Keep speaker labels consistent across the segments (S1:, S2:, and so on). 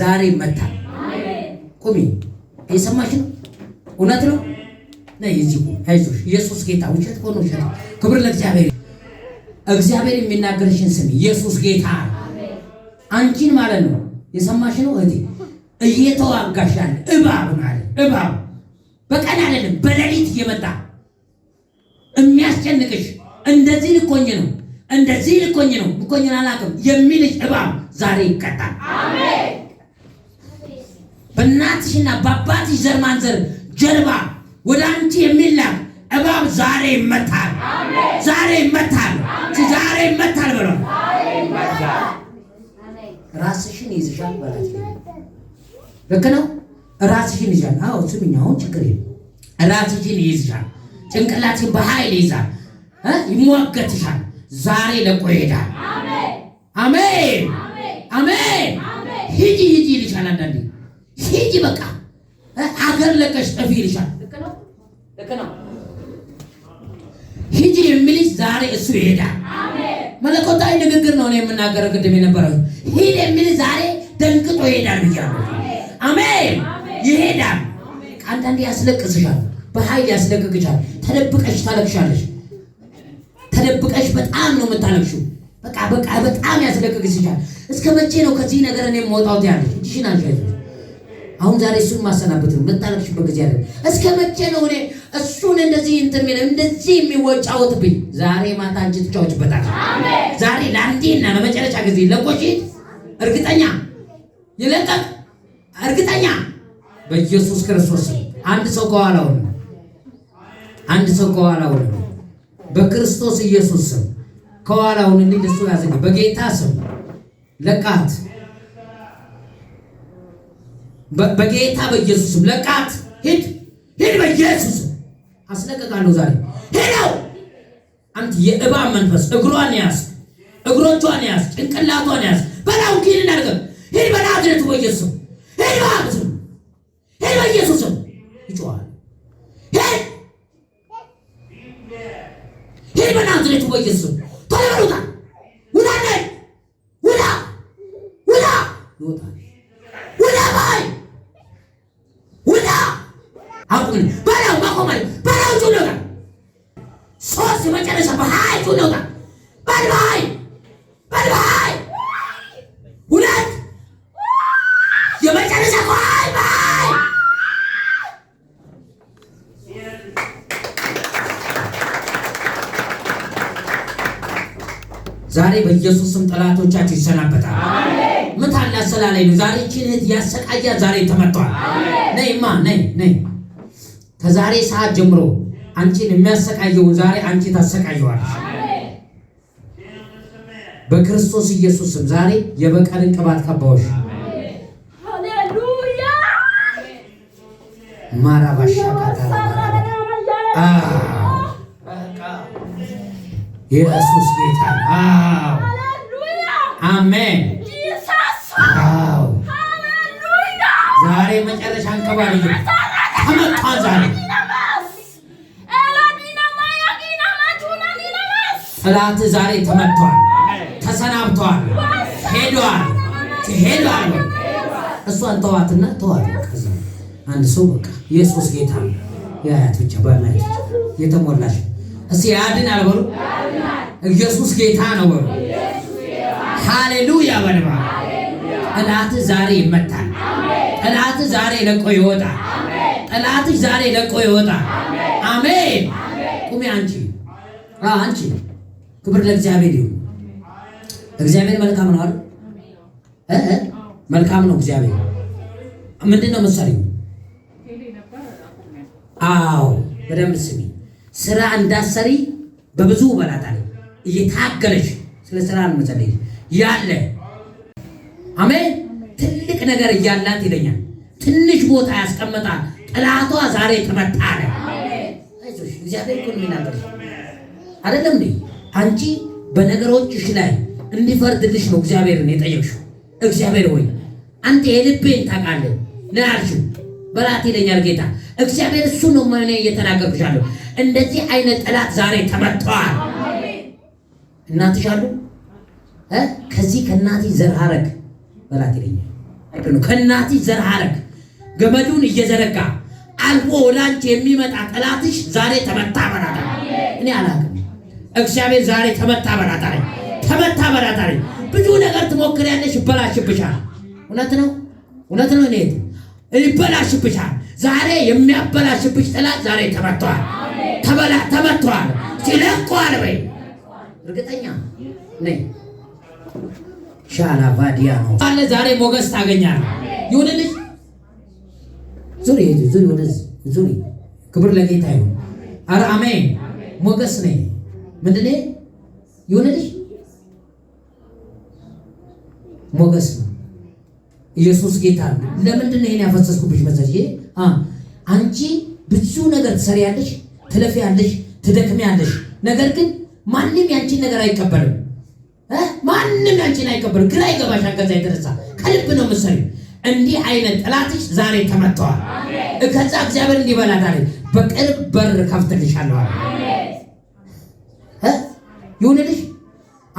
S1: ዛሬ መታ። ቁሚ። የሰማሽ ነው፣ እውነት ነው። ነይ እዚህ አይዞሽ፣ ኢየሱስ ጌታ። ውሸት ሆኖ ውሸት። ክብር ለእግዚአብሔር። እግዚአብሔር የሚናገርሽን ስም ኢየሱስ ጌታ አንቺን ማለት ነው። የሰማሽ ነው እህቴ፣ እየተዋጋሽ ያለ እባብ ማለት እባብ በቀን አይደለም በሌሊት እየመጣ የሚያስጨንቅሽ እንደዚህ ልኮኝ ነው እንደዚህ ልኮኝ ነው ልኮኝን አላውቅም የሚልሽ እባብ ዛሬ ይቀጣል። አሜን። በእናትሽና በአባትሽ ዘር ማንዘር ጀርባ ወደ አንቺ የሚላክ እባብ ዛሬ ይመታል፣ ዛሬ ይመታል፣ ዛሬ ይመታል ብሏል። ራስሽን ይዝሻል በላት። ልክ ነው። ራስሽን ይዛል። አዎ ስሚኝ፣ አሁን ችግር የለም። ራስሽን ይይዝሻል። ጭንቅላትሽን በኃይል ይዛል፣ ይሟገትሻል። ዛሬ ለቆ ይሄዳል። አሜን፣ አሜን፣ ሂጂ፣ ሂጂ ይልሻል አንዳንዴ ሂጂ በቃ አገር ለቀሽ ጠፊ ይልሻል። ሂጂ የሚልሽ ዛሬ እሱ ይሄዳል። መለኮታዊ ንግግር ነው የምናገረው። ቅድም የነበረው ሂድ የሚልሽ ዛሬ ደንግጦ ይሄዳል ብያለሁ። አሜን። ይሄዳል። አንዳንዴ ያስለቅስሻል፣ በኃይል ያስለቅቅሻል። ተደብቀሽ ታለቅሻለሽ። ተደብቀሽ በጣም ነው የምታለቅሽው። በቃ በቃ በጣም ያስለቅቅስሻል። እስከ መቼ ነው ከዚህ ነገር እኔ የምወጣው ትያለሽ። እጅሽን አንሸ አሁን ዛሬ እሱን ማሰናበት ነው መታረቅሽበት ጊዜ ያለ እስከ መቼ ነው እኔ እሱን እንደዚህ እንትን የሚለው እንደዚህ የሚወጫወትብኝ? ዛሬ ማታ አንቺ ትጫወችበታል። ዛሬ ለአንዴና ለመጨረሻ ጊዜ ለቆጪ እርግጠኛ ይለቀቅ፣ እርግጠኛ በኢየሱስ ክርስቶስ። አንድ ሰው ከኋላው ነው፣ አንድ ሰው ከኋላው ነው። በክርስቶስ ኢየሱስ ስም ከኋላውን እንዲህ ደሱ ያዘኝ በጌታ ስም ለቃት በጌታ በኢየሱስም ለቃት ሂድ ሂድ፣ በኢየሱስ አስለቀቃለሁ ዛሬ ሄደው። አንተ የእባ መንፈስ እግሯን ያዝ፣ እግሮቿን ያዝ፣ ጭንቅላቷን ያዝ። በላው ኪን እናርገ ሂድ፣ በናዝሬቱ በኢየሱስ ሂድ፣ ባብት ሂድ፣ በኢየሱስ ይጮሃል። ሂድ ሂድ፣ በናዝሬቱ በኢየሱስ ክርስቶስ የመጨረሻ በኃይል ሁኔታ በልባይ በልባይ ሁለት የመጨረሻ በኃይል በኃይል ዛሬ በኢየሱስ ስም ጠላቶቻችሁ ይሰናበታል። ምን ታላሰላለኝ ነው? ዛሬ ይህችን እህት ዛሬ ተመቷል። ነይማ ነይ ነይ ከዛሬ ሰዓት ጀምሮ አንቺን የሚያሰቃየውን ዛሬ አንቺ ታሰቃየዋለሽ። በክርስቶስ ኢየሱስም ዛሬ የበቀልን ቅባት ቀባዎች ማራባሻ የኢየሱስ ጌታ አሜን። ዛሬ መጨረሻ እንቀባል ተመቷን ዛሬ ፍላት ዛሬ ተመቷል፣ ተሰናብቷል፣ ሄዷል፣ ሄዷል። እሷን ተዋትና ተዋት። አንድ ሰው በቃ ኢየሱስ ጌታ የአያት ብቻ በማየት የተሞላሽ እስኪ ያድን አልበሉ ኢየሱስ ጌታ ነው በሉ ሃሌሉያ በልባ ጠላት ዛሬ ይመታል። ጠላት ዛሬ ለቆ ይወጣል። ጠላትሽ ዛሬ ለቆ ይወጣል። አሜን። ቁሚ አንቺ አንቺ ክብር ለእግዚአብሔር ይሁን። እግዚአብሔር መልካም ነው አይደል? መልካም ነው እግዚአብሔር። ምንድን ነው መሰለኝ? አዎ በደንብ ስሚ። ስራ እንዳሰሪ በብዙ በላታል እየታገለች ስለ ስራ እንመጸለይ ያለ አሜን። ትልቅ ነገር እያላት ይለኛል። ትንሽ ቦታ ያስቀመጣል ጥላቷ ዛሬ ተመጣለ። እግዚአብሔር እኮ ነው የሚናገር አይደለም እንዴ? አንቺ በነገሮችሽ ላይ እንዲፈርድልሽ ነው እግዚአብሔርን የጠየቅሽው። እግዚአብሔር ሆይ አንተ የልቤን ታውቃለህ ናያልሽው በላት ይለኛል ጌታ እግዚአብሔር። እሱ ነው ሆነ እየተናገርኩሻለሁ። እንደዚህ አይነት ጠላት ዛሬ ተመጥተዋል። እናትሽ አሉ ከዚህ ከእናት ዘር ሐረግ በላት ይለኛል። ከእናት ዘር ሐረግ ገመዱን እየዘረጋ አልፎ ወደ አንቺ የሚመጣ ጠላትሽ ዛሬ ተመታ። በላት እኔ አላውቅም እግዚአብሔር ዛሬ ተመታ በላት አለኝ። ተመታ በላት አለኝ። ብዙ ነገር ትሞክሪያለሽ፣ ይበላሽብሻል። እውነት ነው፣ እውነት ነው። እኔት ይበላሽብሻል። ዛሬ የሚያበላሽብሽ ጠላት ዛሬ ተመቷል፣ ተበላ ተመቷል። ሲለቀዋል። በይ እርግጠኛ ነኝ። ሻላ ባዲያ ነው አለ። ዛሬ ሞገስ ታገኛለህ። ይሁንልሽ። ዙሪ ዙሪ፣ ወደዚህ ዙሪ። ክብር ለጌታ ይሁን። አረ አሜን። ሞገስ ነኝ ምንድን ይሁንልህ ሞገስ ነው። ኢየሱስ ጌታ ነው። ለምንድን ይሄን ያፈሰስኩብሽ መሰለሽ? አንቺ ብዙ ነገር ትሰሪያለሽ፣ ትለፊያለሽ፣ ትደክሚያለሽ። ነገር ግን ማንም ያንቺን ነገር አይቀበልም። ማንም ያንቺን አይቀበልም። ግራ ይገባሻል። ከዛ የተነሳ ከልብ ነው የምትሰሪው። እንዲህ አይነት ጠላትሽ ዛሬ ተመተዋል። ከዛ እግዚአብሔር እንዲበላ ዛሬ በቅርብ በር ከፍትልሻለሁ። ይሁንልሽ።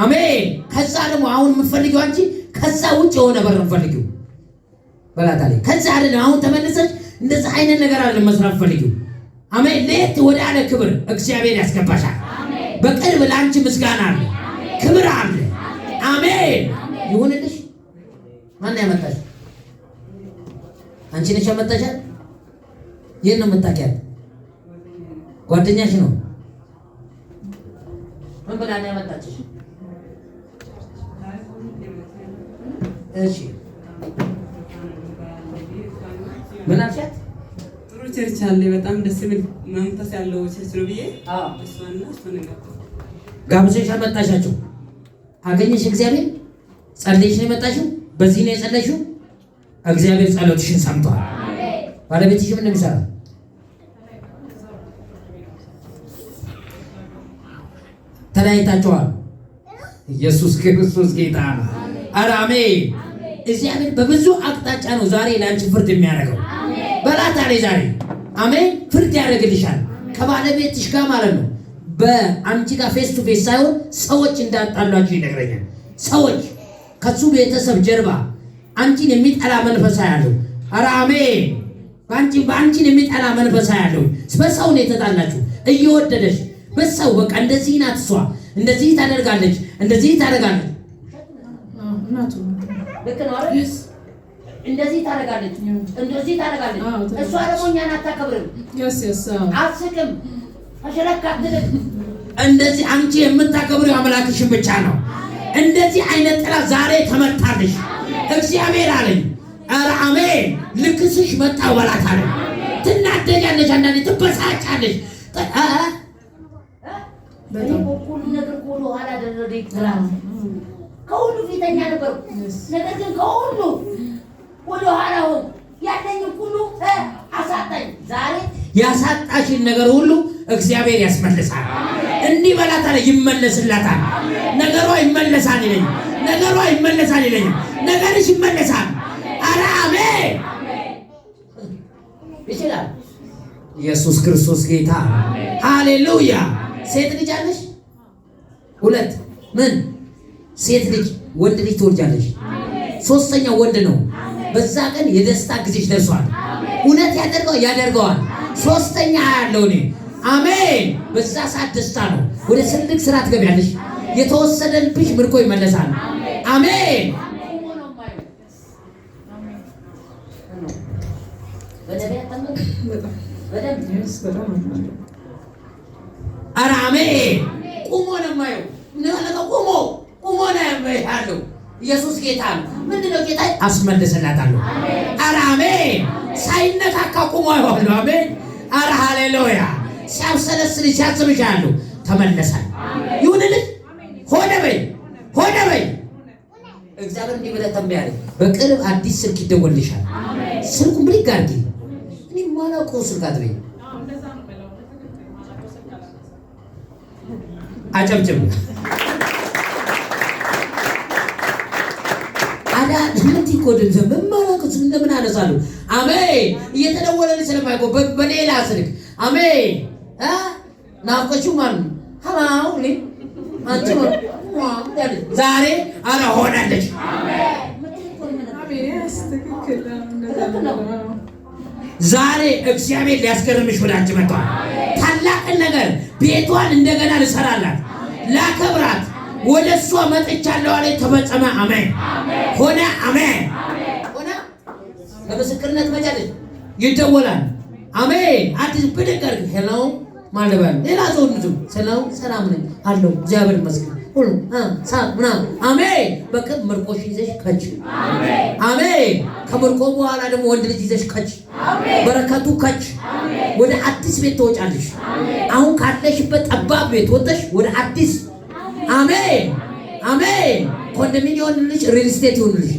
S1: አሜን። ከዛ ደግሞ አሁን የምትፈልጊው አንቺ ከዛ ውጭ የሆነ በር የምትፈልጊው በላታለች። ከዛ አይደለም አሁን ተመለሰች። እንደዚህ አይነት ነገር አለ መስራት የምትፈልጊው። አሜን። ለየት ወደ አለ ክብር እግዚአብሔር ያስገባሻል። በቅርብ ለአንቺ ምስጋና አለ፣ ክብር አለ። አሜን። ይሁንልሽ። ማን ያመጣሽ? አንቺ ነሽ ያመጣሻል። ይህን ነው የምታውቂያት፣ ጓደኛሽ ነው ምን ብላ ነው ያመጣችሽ? እሺ ምን አልሻት?
S2: ጥሩ ቸርች አለ፣ በጣም ደስ የሚል መንፈስ ያለው ቸርች ነው ብዬ እሷና
S1: ጋብዘሽ አመጣሻቸው። አገኘሽ እግዚአብሔር ጸልይሽ ነው የመጣሽው። በዚህ ነው የጸለይሽው። እግዚአብሔር ጸሎትሽን ሰምቷል። ባለቤትሽ ምን ነው የሚሰራው? ተለያይታችኋል። ኢየሱስ ክርስቶስ ጌታ ነው። ኧረ አሜን። እግዚአብሔር በብዙ አቅጣጫ ነው ዛሬ ለአንቺ ፍርድ የሚያደርገው። በላታ ላይ ዛሬ አሜን ፍርድ ያደርግልሻል ከባለቤትሽ ጋር ማለት ነው። በአንቺ ጋር ፌስ ቱ ፌስ ሳይሆን ሰዎች እንዳጣሏቸው ይነግረኛል። ሰዎች ከሱ ቤተሰብ ጀርባ አንቺን የሚጠላ መንፈሳ ያለው ኧረ አሜን። በአንቺን የሚጠላ መንፈሳ ያለው በሰውን የተጣላችሁ እየወደደች በሰው በቃ እንደዚህ ናት እሷ እንደዚህ ታደርጋለች እንደዚህ ታደርጋለች
S3: እንደዚህ ታደርጋለች እንደዚህ ታደርጋለች። እሷ ደግሞ እኛን አታከብርም፣ አስቅም ተሸለካትልም።
S1: እንደዚህ አንቺ የምታከብሪው አምላክሽን ብቻ ነው። እንደዚህ አይነት ጥላ ዛሬ ተመታልሽ። እግዚአብሔር አለኝ። ኧረ አሜን። ልክስሽ መጣ በላት አለ። ትናደጃለሽ፣ አንዳንዴ ትበሳጫለሽ
S3: በእኔ በኩሉ ነገር ከሆነ ኋላ ደረደ ይጥራል። ከሁሉ ፊተኛ ነበርኩ፣ ነገር ግን ከሁሉ ወደ ኋላ ሆንኩ። ያለኝ ሁሉ አሳጣኝ። ዛሬ
S1: ያሳጣሽን ነገር ሁሉ እግዚአብሔር ያስመልሳል። እንዲህ በላታል፣ ይመለስላታል። ነገሯ ይመለሳል ይለኝ፣ ነገሯ ይመለሳል ይለኝ፣ ነገርሽ ይመለሳል። ኧረ አሜን! ይችላል። ኢየሱስ ክርስቶስ ጌታ፣ ሃሌሉያ ሴት ልጅ አለሽ? ሁለት ምን ሴት ልጅ ወንድ ልጅ ትወልጃለሽ። ሶስተኛው ወንድ ነው። በዛ ቀን የደስታ ጊዜሽ ደርሷል። እውነት ያደርገዋል ያደርገዋል። ሶስተኛ ያለው እኔ አሜን። በዛ ሰዓት ደስታ ነው። ወደ ትልቅ ስራ ትገቢያለሽ። የተወሰደልብሽ ምርኮ ይመለሳል። አሜን። አሜን አራሜ ቁሞ ነው የማየው። ቁሞ ቁሞ ነው ያለው። ኢየሱስ ጌታ ነው። ምንድን ነው ጌታ አስመልስላታለሁ። አራሜ ሳይነካካ ቁሞ ይሆሉ። አሜን። አረ ሃሌሉያ። ሲያብሰለስል ሲያስብሻለሁ ተመለሳል። ይሁንልህ ሆነ በይ ሆነ በይ። እግዚአብሔር እንዲህ ብለህ ተንብያለህ። በቅርብ አዲስ ስልክ ይደወልልሻል። ስልኩን ብድግ አድርጊ። እኔ የማላውቀው ስልክ አትበይም አጨብጭቡ። አዳንቲ እኮ ድንዘብ መማላከት እንደምን አሜ አሜን። እየተደወለልኝ ስለማይቆ በሌላ ስልክ አሜ ናፍቆችው ማን ሀላው ሊ ዛሬ አረ ሆናለች። አሜን። ዛሬ እግዚአብሔር ሊያስገርምሽ ወደ አንቺ መጥቷል። ታላቅን ነገር ቤቷን እንደገና ልሰራላት፣ ላከብራት ወደ እሷ መጥቻለሁ አለ። ተፈጸመ። አሜን ሆነ። አሜን ሆነ። ለምስክርነት መጫለች ይደወላል። አሜን አዲስ ብድቀር ሄለው ማለበል ሌላ ሰው ሰላም ነኝ አለው እግዚአብሔር ይመስገን ሁሉ ሳ ምናምን አሜን። በቅም ምርቆሽ ይዘሽ ከች አሜን። ከምርቆ
S4: በኋላ ደግሞ ወንድ ልጅ
S1: ይዘሽ ከች፣ በረከቱ ከች፣ ወደ አዲስ ቤት ትወጫለሽ። አሁን ካለሽበት ጠባብ ቤት ወጥተሽ ወደ አዲስ አሜን፣ አሜን። ኮንዶሚኒየም ይሆንልሽ፣ ሪል ስቴት ይሆንልሽ።